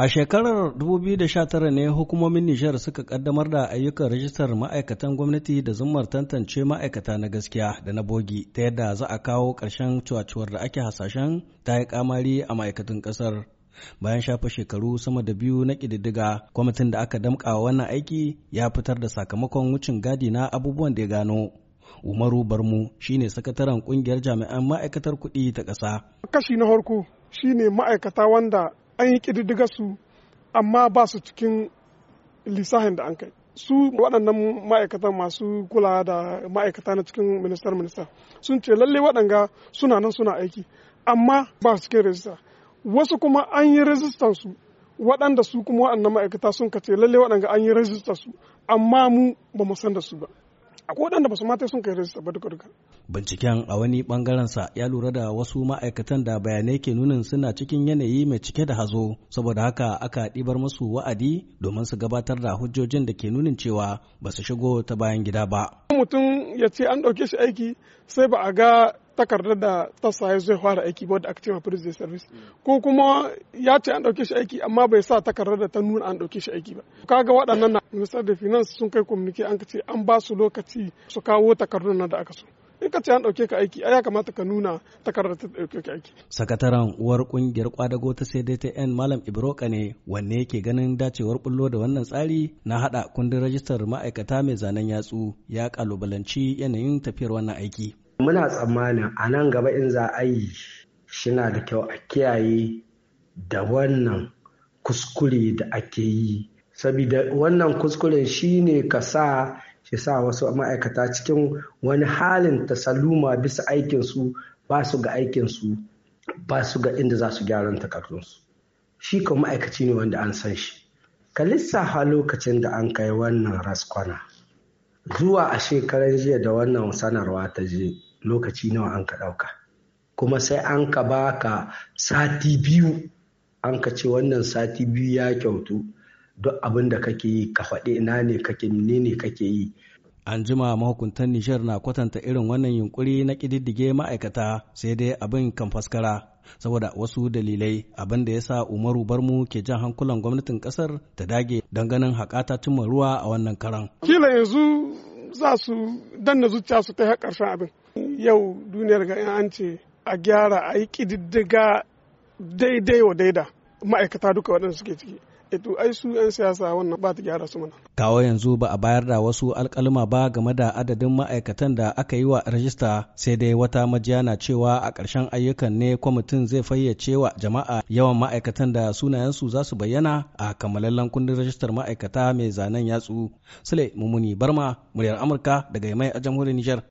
A shekarar 2019 ne hukumomin Nijar suka kaddamar da ayyukan rajistar ma'aikatan gwamnati da zummar tantance ma'aikata na gaskiya da na bogi ta yadda za a kawo ƙarshen cuwacuwar da ake hasashen ta yi kamari a ma'aikatan ƙasar. Bayan shafa shekaru sama da biyu na ƙididdiga, kwamitin da aka damƙa wannan aiki ya fitar da sakamakon wucin gadi na abubuwan da ya gano. Umaru Barmu shine sakataren ƙungiyar jami'an ma'aikatar kuɗi ta ƙasa. Kashi na farko shine ma'aikata wanda an yi ƙididdiga su amma ba su cikin lissafin da an kai su waɗannan ma'aikata masu kula da ma'aikata na cikin ministar minista sun ce lalle waɗanga suna nan suna aiki amma ba su cikin rajista wasu kuma an yi rajistan su waɗanda su kuma waɗannan ma'aikata sun ka ce lalle waɗanga an yi rajistan su amma mu ba mu san da su ba akwai waɗanda ba su mata sun kai rajista ba duka duka binciken a wani bangaren sa ya lura da wasu ma'aikatan da bayanai ke nunin suna cikin yanayi mai cike da hazo saboda haka aka ɗibar musu wa'adi domin su gabatar da hujjojin da ke nunin cewa ba su shigo ta bayan gida ba mutum ya ce an ɗauke shi aiki sai ba a ga takardar da ta saye zai fara aiki ba wadda aka ce prison service ko kuma ya ce an dauke shi aiki amma bai sa takardar da ta nuna an dauke shi aiki ba kaga waɗannan na minister da finance sun kai communique an ce an ba su lokaci su kawo takardun nan da aka so in ka ce an ɗauke ka aiki ya kamata ka nuna takardar ta ɗauke ka aiki. sakataren uwar ƙungiyar kwadago ta sai ta yan malam ibroka ne wanne yake ganin dacewar bullo da wannan tsari na haɗa kundin rajistar ma'aikata mai zanen yatsu ya kalubalanci yanayin tafiyar wannan aiki. muna tsammanin a nan gaba in za a yi shina da kyau a kiyaye da wannan kuskure da ake yi saboda wannan kuskuren shine ka sa shi sa wasu ma'aikata cikin wani halin ta saluma bisa aikinsu ba su ga aikinsu ba su ga inda za su gyaran takardunsu shi kan ma'aikaci ne wanda an san shi ka lissafa lokacin da an kai wannan raskwana zuwa a shekaran jiya da wannan sanarwa ta je lokaci nawa an ka ɗauka kuma sai an ka baka sati biyu an ka ce wannan sati biyu ya kyautu duk abin da kake yi ka faɗi ina ne kake ne kake yi an jima mahukuntan Nijar na kwatanta irin wannan yunkuri na ƙididdige ma'aikata sai dai abin kan faskara saboda wasu dalilai abin da ya sa Umaru Barmu ke jan hankulan gwamnatin ƙasar ta dage don ganin haƙata cimma ruwa a wannan karan. Kila yanzu za su danna zuciya su ta ƙarshen abin. yau duniyar ga an ce a gyara a yi ƙididdiga daidai wa daida ma'aikata duka waɗanda suke ciki eto eh ai su 'yan siyasa wannan ba ta gyara su mana. Kawo yanzu ba a bayar da wasu alkalma ba game da adadin ma'aikatan da aka yi wa rajista sai dai wata majiya na cewa a ƙarshen ayyukan ne kwamitin zai fayyace wa jama'a yawan ma'aikatan da sunayensu za su bayyana a kammalallen kundin rajistar ma'aikata mai zanen yatsu. Sule Mumuni Barma, muryar Amurka daga Yamai a jamhuriyar Nijar.